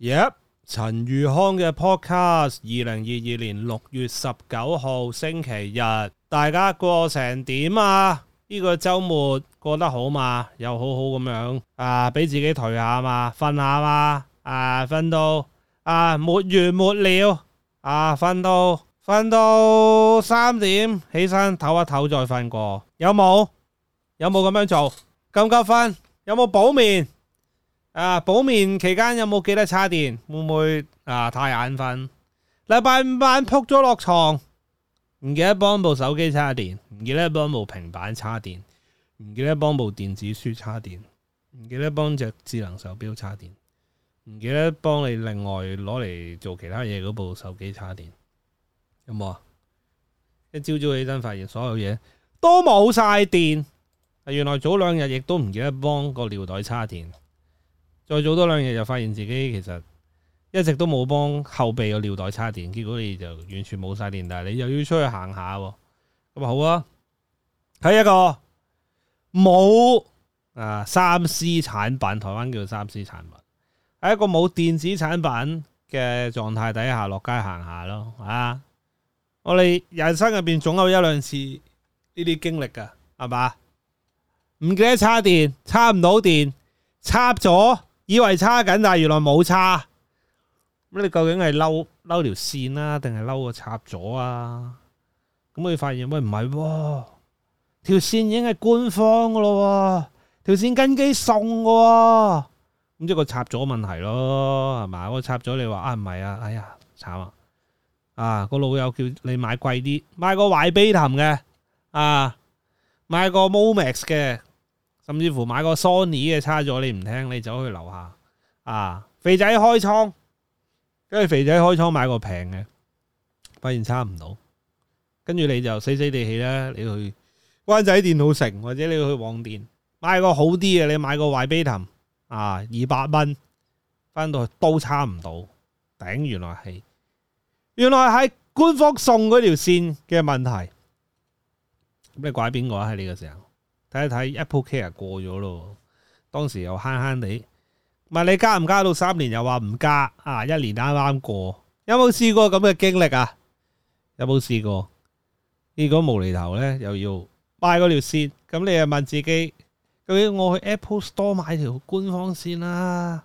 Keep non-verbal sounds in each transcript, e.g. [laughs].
Yep，陳如康嘅 podcast，二零二二年六月十九號星期日，大家過成點啊？呢個周末過得好嘛？又好好咁樣啊，俾自己頹下嘛，瞓下嘛，啊，瞓到啊，沒完沒了啊，瞓到瞓到三點起身唞一唞再瞓過，有冇？有冇咁樣做？咁急瞓？有冇補眠？啊！補眠期間有冇記得叉電？會唔會啊太眼瞓？禮拜五晚仆咗落床，唔記得幫部手機叉電，唔記得幫部平板叉電，唔記得幫部電子書叉電，唔記得幫隻智能手錶叉電，唔記得幫你另外攞嚟做其他嘢嗰部手機叉電，有冇啊？一朝早起身發現所有嘢都冇晒電，原來早兩日亦都唔記得幫個尿袋叉電。再早多兩日就發現自己其實一直都冇幫後備嘅尿袋插電，結果你就完全冇晒電，但係你又要出去行下，咁啊好啊，睇一個冇啊三 C 產品，台灣叫三 C 產品，喺一個冇電子產品嘅狀態底下落街行下咯啊！我哋人生入邊總有一兩次呢啲經歷噶，係嘛？唔記得插電，插唔到電，插咗。以為差緊，但係原來冇差。咁你究竟係嬲嬲條線啦，定係嬲個插咗啊？咁、啊、你發現喂唔係喎，條、啊、線已經係官方噶咯，條線跟機送噶，咁即係個插咗問題咯，係嘛？個插咗你話啊唔係啊，哎呀慘啊！啊、個老友叫你買貴啲，買個懷貝騰嘅，啊買個 Momax 嘅。甚至乎買個 Sony 嘅差咗，你唔聽，你走去樓下啊，肥仔開倉，跟住肥仔開倉買個平嘅，發現差唔到，跟住你就死死地氣啦，你去灣仔電腦城或者你去旺電買個好啲嘅，你買個 YB-Tim 啊，二百蚊，翻到去都差唔到，頂，原來係原來係官方送嗰條線嘅問題，咩你怪邊個喺呢個時候？睇一睇 AppleCare 過咗咯，當時又慳慳地，唔係你加唔加到三年又話唔加啊？一年啱啱過，有冇試過咁嘅經歷啊？有冇試過結果呢個無厘頭咧又要買嗰條線？咁你又問自己，究竟我去 Apple Store 買條官方線啦、啊，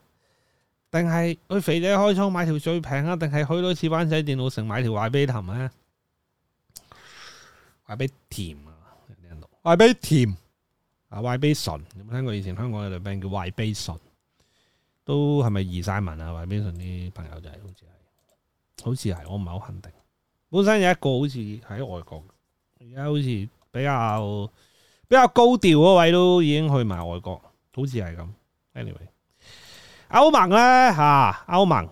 定係去肥仔開倉買條最平啊？定係去多次灣仔電腦城買條壞俾頭啊壞俾甜啊！壞俾甜。啊，壞 o n 有冇聽過？以前香港有條病叫 b i 壞 o n 都係咪易晒文啊？壞 o n 啲朋友就係好似係，好似係，我唔係好肯定。本身有一個好似喺外國，而家好似比較比較高調嗰位都已經去埋外國，好似係咁。Anyway，歐盟咧吓，歐、啊、盟，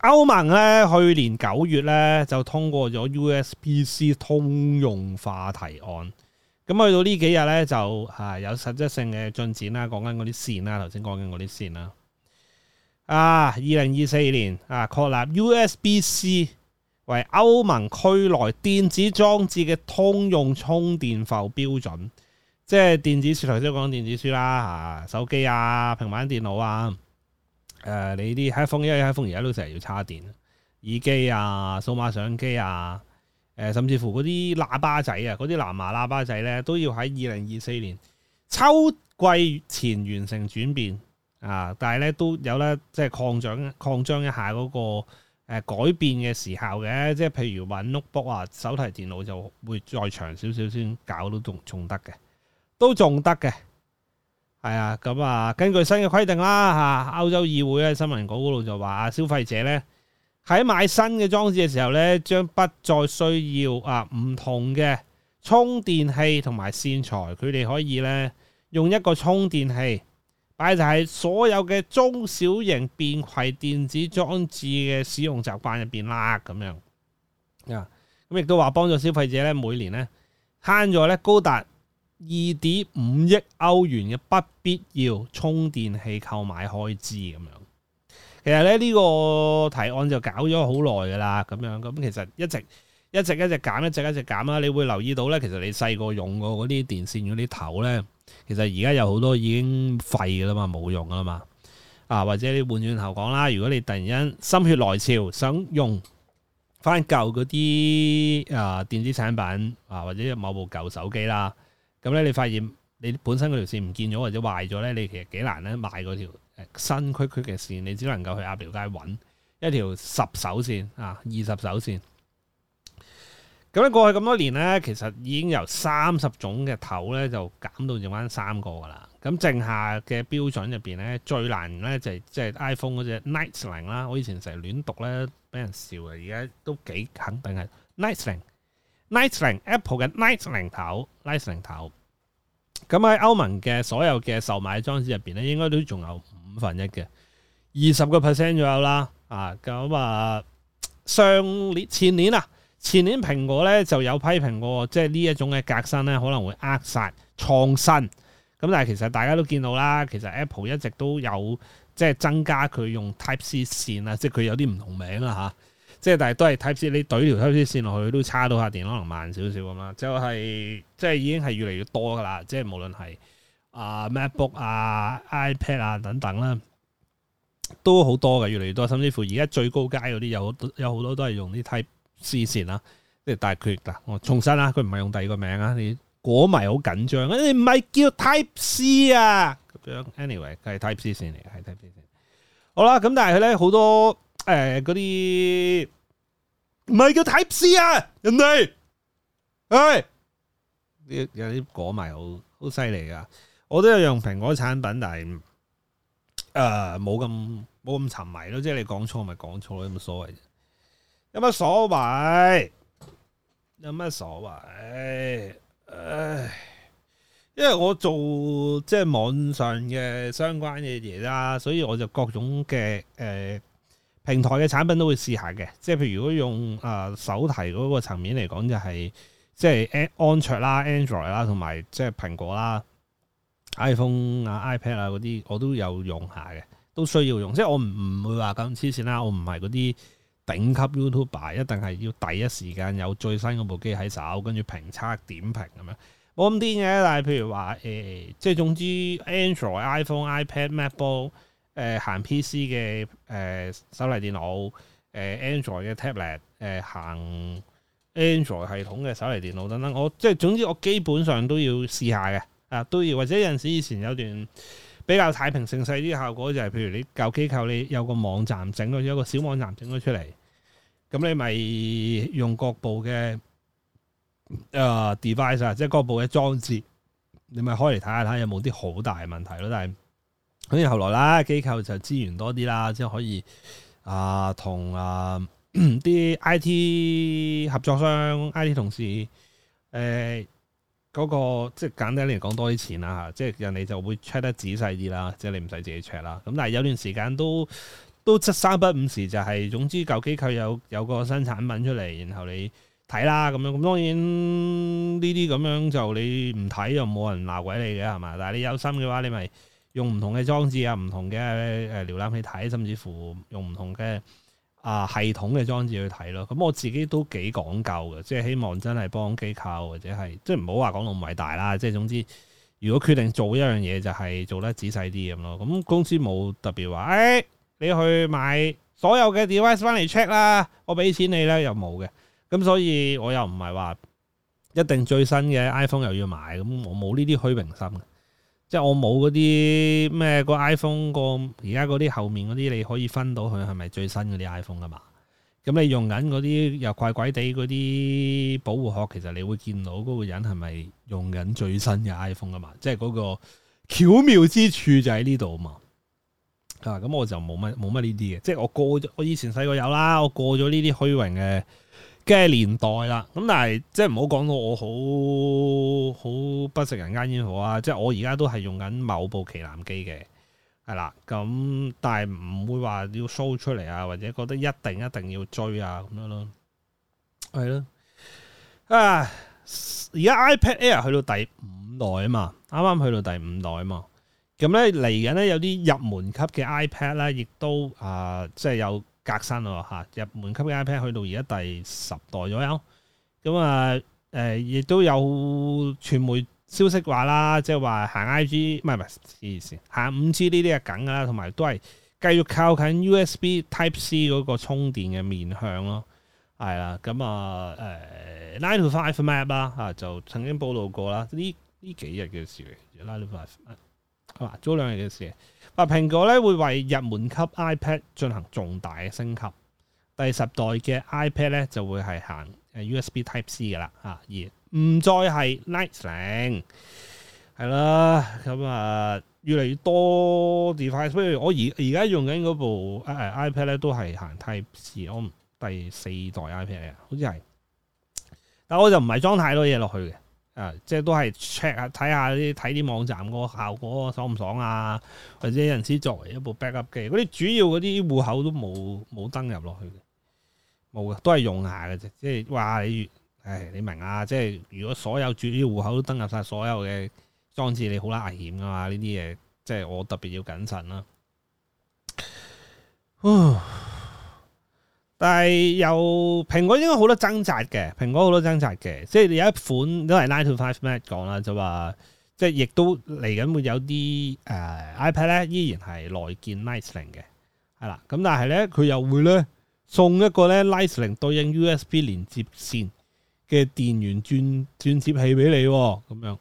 歐盟咧去年九月咧就通過咗 u s b c 通用化提案。咁去到呢幾日咧，就啊有實質性嘅進展啦。講緊嗰啲線啦，頭先講緊嗰啲線啦。啊，二零二四年啊，確立 USB-C 為歐盟區內電子裝置嘅通用充電埠標準。即係電子書，頭先講電子書啦，啊手機啊、平板電腦啊，誒、啊、你啲 iPhone，因為 iPhone 而家都成日要插電，耳機啊、數碼相機啊。誒，甚至乎嗰啲喇叭仔啊，嗰啲藍牙喇叭仔咧，都要喺二零二四年秋季前完成轉變啊！但係咧都有咧，即係擴張擴張一下嗰個、誒、改變嘅時效嘅，即係譬如揾 notebook 啊，手提電腦就會再長少少先搞到仲仲得嘅，都仲得嘅，係啊！咁啊，根據新嘅規定啦嚇、啊，歐洲議會喺新聞稿嗰度就話消費者咧。喺買新嘅裝置嘅時候咧，將不再需要啊唔同嘅充電器同埋線材，佢哋可以咧用一個充電器擺就喺所有嘅中小型便攜電子裝置嘅使用習慣入邊啦，咁樣啊，咁亦都話幫助消費者咧每年咧慳咗咧高達二點五億歐元嘅不必要充電器購買開支咁樣。其實咧呢個提案就搞咗好耐噶啦，咁樣咁其實一直一直一直減，一直一直減啦。你會留意到咧，其實你細個用過嗰啲電線嗰啲頭咧，其實而家有好多已經廢噶啦嘛，冇用噶啦嘛。啊，或者你換轉頭講啦，如果你突然間心血來潮想用翻舊嗰啲啊電子產品啊，或者某部舊手機啦，咁咧你發現你本身嗰條線唔見咗或者壞咗咧，你其實幾難咧買嗰條。新區區嘅線，你只能夠去鴨寮街揾一條十手線啊，二十手線。咁樣過去咁多年呢，其實已經由三十種嘅頭呢，就減到剩翻三個噶啦。咁剩下嘅標準入邊呢，最難呢就係即係 iPhone 嗰隻 Lightning 啦。我以前成日亂讀呢，俾人笑呀。而家都幾肯定係 Lightning Lightning Apple 嘅 Lightning 頭 Lightning 頭。咁喺歐盟嘅所有嘅售賣裝置入邊呢，應該都仲有。五分一嘅，二十個 percent 左右啦，啊咁啊上年前年啊，前年蘋果咧就有批評過，即係呢一種嘅革新咧可能會扼殺創新。咁但係其實大家都見到啦，其實 Apple 一直都有即係增加佢用 Type C 線啦，即係佢有啲唔同名啦吓、啊，即係但係都係 Type C，你懟條 Type C 線落去都差到下，電可能慢少少咁啦，就係、是、即係已經係越嚟越多噶啦，即係無論係。啊、uh，MacBook 啊、uh，iPad 啊、uh，等等啦，uh, 都好多嘅，越嚟越多。甚至乎而家最高階嗰啲有好有好多都係用啲 Type C 線啦、啊。即係大決啦，我、uh, 重申啦、啊，佢唔係用第二個名啊，啊！你果迷好緊張，你唔係叫 Type C 啊？咁樣，Anyway，係 Type C 線嚟、啊，係 Type C 線、啊。好啦，咁但係佢咧好多誒嗰啲，唔、呃、係叫 Type C 啊？人哋，誒、哎，有有啲果迷好好犀利噶。我都有用蘋果產品，但係誒冇咁冇咁沉迷咯。即係你講錯咪講錯咯，冇所謂。有乜所謂？有乜所謂？唉，因為我做即係網上嘅相關嘅嘢啦，所以我就各種嘅誒、呃、平台嘅產品都會試下嘅。即係譬如如果用誒、呃、手提嗰個層面嚟講，就係，就係即係安卓啦、Android 啦，同埋即係蘋果啦。iPhone 啊、iPad 啊嗰啲，我都有用下嘅，都需要用。即係我唔唔會話咁黐線啦，我唔係嗰啲頂級 YouTuber，一定係要第一時間有最新嗰部機喺手，跟住評測點評咁樣。冇咁癲嘅，但係譬如話誒，即、欸、係總之 Android、iPhone、iPad、MacBook、呃、iPhone、iPad、MacBook，誒行 PC 嘅誒、呃、手提電腦，誒、呃、Android 嘅 tablet，誒、呃、行 Android 系統嘅手提電腦等等。我即係總之我基本上都要試下嘅。啊，都要或者有陣時以前有段比較太平盛世啲效果，就係譬如你舊機構你有個網站整咗，有個小網站整咗出嚟，咁你咪用各部嘅誒 device 啊，即、呃、係、就是、各部嘅裝置，你咪開嚟睇下，睇下有冇啲好大問題咯。但係好似後來啦，機構就資源多啲啦，即係可以、呃、啊，同啊啲 IT 合作商、IT 同事，誒、呃。嗰、那個即係簡單嚟講，多啲錢啦吓，即係人哋就會 check 得仔細啲啦，即係你唔使自己 check 啦。咁但係有段時間都都七三不五時、就是，就係總之舊機構有有個新產品出嚟，然後你睇啦咁樣。咁當然呢啲咁樣就你唔睇又冇人鬧鬼你嘅係嘛？但係你有心嘅話，你咪用唔同嘅裝置啊，唔同嘅誒瀏覽器睇，甚至乎用唔同嘅。啊，系統嘅裝置去睇咯。咁我自己都幾講究嘅，即係希望真係幫機構或者係即係唔好話講到唔偉大啦。即係總之，如果決定做一樣嘢，就係做得仔細啲咁咯。咁公司冇特別話，誒、哎、你去買所有嘅 device 翻嚟 check 啦，我俾錢給你咧又冇嘅。咁所以我又唔係話一定最新嘅 iPhone 又要買咁，我冇呢啲虛榮心。即係我冇嗰啲咩個 iPhone 個而家嗰啲後面嗰啲，你可以分到佢係咪最新嗰啲 iPhone 噶嘛？咁你用緊嗰啲又怪怪地嗰啲保護殼，其實你會見到嗰個人係咪用緊最新嘅 iPhone 噶嘛？即係嗰個巧妙之處就喺呢度啊嘛！啊，咁我就冇乜冇乜呢啲嘅，即係我過咗我以前細個有啦，我過咗呢啲虛榮嘅。嘅年代啦，咁但係即係唔好講到我好好不食人間煙火啊！即係我而家都係用緊某部旗艦機嘅，係啦，咁但係唔會話要 show 出嚟啊，或者覺得一定一定要追啊咁樣咯，係咯，啊！而家 iPad Air 去到第五代啊嘛，啱啱去到第五代啊嘛，咁咧嚟緊咧有啲入門級嘅 iPad 咧，亦都啊、呃，即係有。革新喎嚇，入門級嘅 iPad 去到而家第十代左右，咁啊誒，亦、呃、都有傳媒消息話啦，即係話行 iG 唔係，唔係，意思，行五 G 呢啲係梗㗎啦，同埋都係繼續靠近 USB Type C 嗰個充電嘅面向咯，係啦，咁、呃、啊誒，Nine to Five Map 啦嚇，就曾經報道過啦，呢呢幾日嘅事，Nine to Five 嗱，早兩日嘅事。嗱，蘋果咧會為入門級 iPad 進行重大嘅升級，第十代嘅 iPad 咧就會係行誒 USB Type C 㗎啦，吓而唔再係 Lightning。係啦，咁、嗯、啊，越嚟越多 device。譬如我而而家用緊嗰部誒 iPad 咧，都係行 Type C，我第四代 iPad 嘅，好似係。但我就唔係裝太多嘢落去嘅。啊，即係都係 check 下睇下啲睇啲網站個效果爽唔爽啊，或者有陣時作為一部 backup 機，嗰啲主要嗰啲戶口都冇冇登入落去嘅，冇嘅，都係用下嘅啫。即係話你，唉，你明啊？即係如果所有主要戶口都登入晒，所有嘅裝置你好啦危險噶嘛？呢啲嘢即係我特別要謹慎啦、啊。但係又蘋果應該好多掙扎嘅，蘋果好多掙扎嘅，即係有一款都係 nine to five Mac 講啦，就話即係亦都嚟緊會有啲、呃、iPad 咧，依然係內建 Lightning 嘅，係啦。咁但係咧，佢又會咧送一個咧 Lightning 對應 USB 連接線嘅電源轉轉接器俾你，咁樣，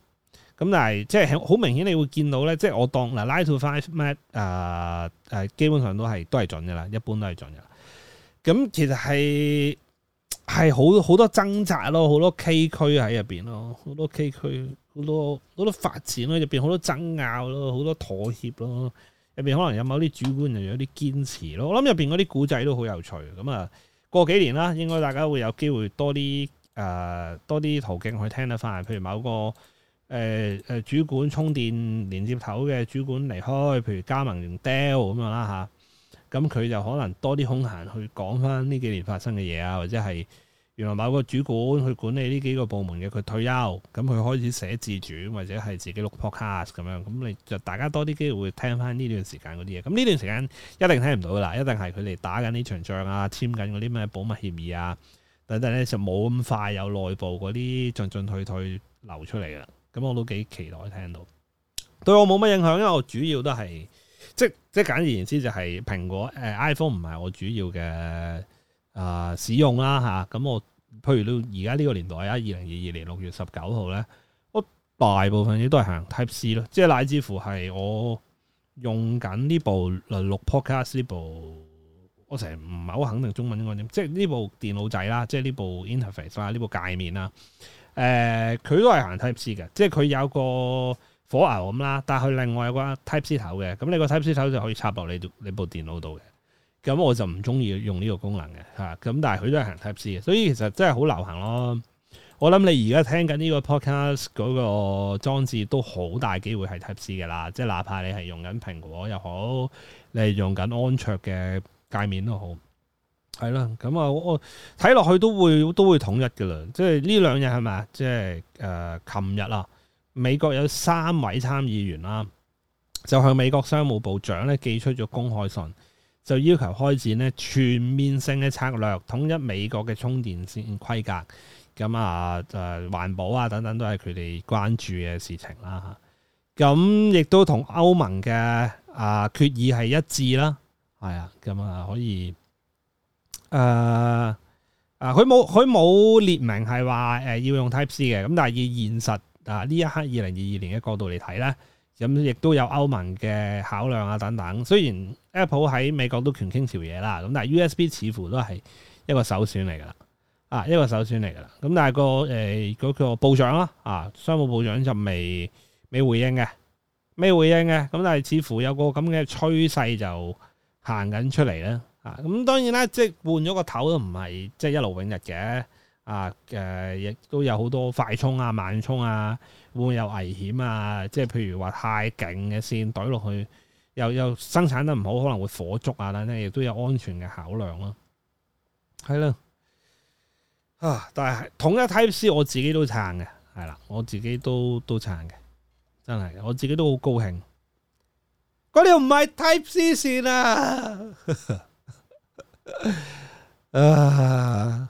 咁但係即係好明顯，你會見到咧，即係我當嗱 nine、呃、to five Mac 啊、呃，基本上都係都係準嘅啦，一般都係準嘅。咁其實係係好好多掙扎咯，好多崎嶇喺入邊咯，好多崎嶇，好多好多發展咯，入邊好多爭拗咯，好多妥協咯，入邊可能有某啲主管又有啲堅持咯。我諗入邊嗰啲古仔都好有趣。咁啊，過幾年啦，應該大家會有機會多啲誒多啲途徑去聽得返，譬如某個誒誒、呃、主管充電連接頭嘅主管離開，譬如加盟 Dell 掉咁樣啦嚇。咁佢就可能多啲空閒去講翻呢幾年發生嘅嘢啊，或者係原來某個主管去管理呢幾個部門嘅，佢退休，咁佢開始寫自傳或者係自己錄 podcast 咁樣，咁你就大家多啲機會聽翻呢段時間嗰啲嘢。咁呢段時間一定聽唔到噶啦，一定係佢哋打緊呢場仗啊，簽緊嗰啲咩保密協議啊等等咧，就冇咁快有內部嗰啲進進退退流出嚟啦。咁我都幾期待聽到，對我冇乜影響，因為我主要都係。即即簡而言之就係蘋果誒、呃、iPhone 唔係我主要嘅啊、呃、使用啦嚇，咁、啊、我譬如都而家呢個年代啊，二零二二年六月十九號咧，我大部分嘢都係行 Type C 咯，即係乃至乎係我用緊呢部六 Podcast 呢部，我成日唔係好肯定中文應該點，即係呢部電腦仔啦，即係呢部 interface 啦、啊，呢部界面啦，誒、呃、佢都係行 Type C 嘅，即係佢有個，火牛咁啦，但係佢另外有個 Type C 頭嘅，咁你個 Type C 頭就可以插落你你部電腦度嘅，咁我就唔中意用呢個功能嘅，吓、啊，咁但係佢都係行 Type C 嘅，所以其實真係好流行咯。我諗你而家聽緊呢個 podcast 嗰個裝置都好大機會係 Type C 嘅啦，即係哪怕你係用緊蘋果又好，你係用緊安卓嘅界面都好，係啦咁啊，我睇落去都會都會統一噶啦，即係呢兩日係咪啊？即係誒，琴日啦美國有三位參議員啦，就向美國商務部長咧寄出咗公開信，就要求開展咧全面性嘅策略，統一美國嘅充電線規格。咁啊誒環保啊等等都係佢哋關注嘅事情啦。咁亦都同歐盟嘅啊、呃、決議係一致啦。係啊，咁啊可以誒啊，佢冇佢冇列明係話誒要用 Type C 嘅，咁但係以現實。嗱、啊、呢一刻二零二二年嘅角度嚟睇咧，咁亦都有歐盟嘅考量啊等等。雖然 Apple 喺美國都權傾朝野啦，咁但係 USB 似乎都係一個首選嚟噶啦，啊一個首選嚟噶啦。咁但係、嗰個誒嗰、呃嗰個、部長啦、啊，啊商務部長就未未回應嘅，未回應嘅。咁但係似乎有個咁嘅趨勢就行緊出嚟啦。啊咁、啊、當然啦，即係換咗個頭都唔係即係一勞永逸嘅。啊，誒亦都有好多快充啊、慢充啊，會唔會有危險啊？即係譬如話太勁嘅線懟落去，又又生產得唔好，可能會火燭啊！等等，亦都有安全嘅考量咯、啊。係咯，啊！但係統一 Type C 我自己都撐嘅，係啦，我自己都都撐嘅，真係我自己都好高興。嗰條唔係 Type C 線啊！ [laughs] 啊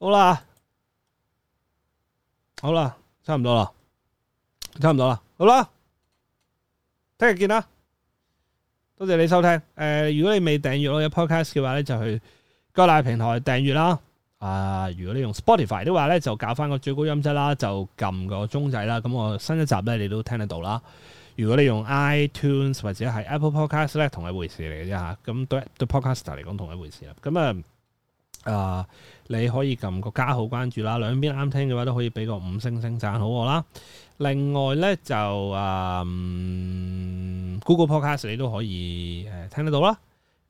好啦，好啦，差唔多啦，差唔多啦，好啦，聽日見啦，多謝你收聽。誒、呃，如果你未訂閱我嘅 podcast 嘅話咧，就去各大平台訂閱啦。啊，如果你用 Spotify 的話咧，就搞翻個最高音質啦，就撳個鐘仔啦。咁我新一集咧，你都聽得到啦。如果你用 iTunes 或者係 Apple Podcast 咧，同一回事嚟嘅啫吓。咁對對 podcaster 嚟講，同一回事啦。咁啊。啊、呃！你可以撳個加號關注啦。兩邊啱聽嘅話都可以俾個五星星讚好我啦。另外咧就啊、嗯、Google Podcast 你都可以誒聽得到啦。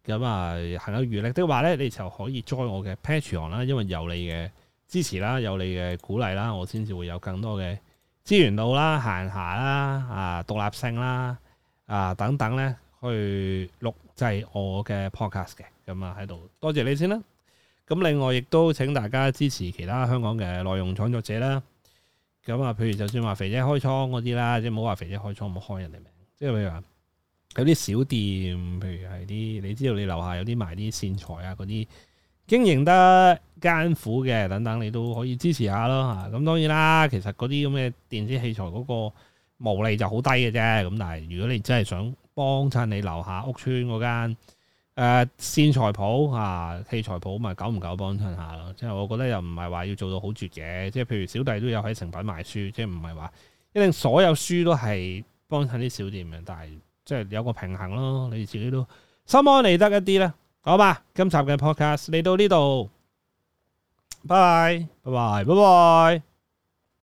咁、嗯、啊，係有餘力的話咧，你就可以 join 我嘅 patreon 啦。因為有你嘅支持啦，有你嘅鼓勵啦，我先至會有更多嘅資源度啦、閒暇啦、啊獨立性啦、啊等等咧，去錄製我嘅 podcast 嘅。咁啊喺度多謝你先啦。咁另外，亦都請大家支持其他香港嘅內容創作者啦。咁啊，譬如就算話肥仔開倉嗰啲啦，即係唔好話肥仔開倉，唔好開人哋名。即係譬如話有啲小店，譬如係啲你知道你樓下有啲賣啲線材啊嗰啲，經營得艱苦嘅等等，你都可以支持下咯。咁當然啦，其實嗰啲咁嘅電子器材嗰個毛利就好低嘅啫。咁但係如果你真係想幫襯你樓下屋村嗰間。誒線材鋪啊，器材鋪咪久唔久幫襯下咯，即係我覺得又唔係話要做到好絕嘅，即係譬如小弟都有喺成品買書，即係唔係話一定所有書都係幫襯啲小店嘅，但係即係有個平衡咯，你自己都心安理得一啲啦，好嘛？今集嘅 podcast 嚟到呢度，拜拜拜拜拜拜。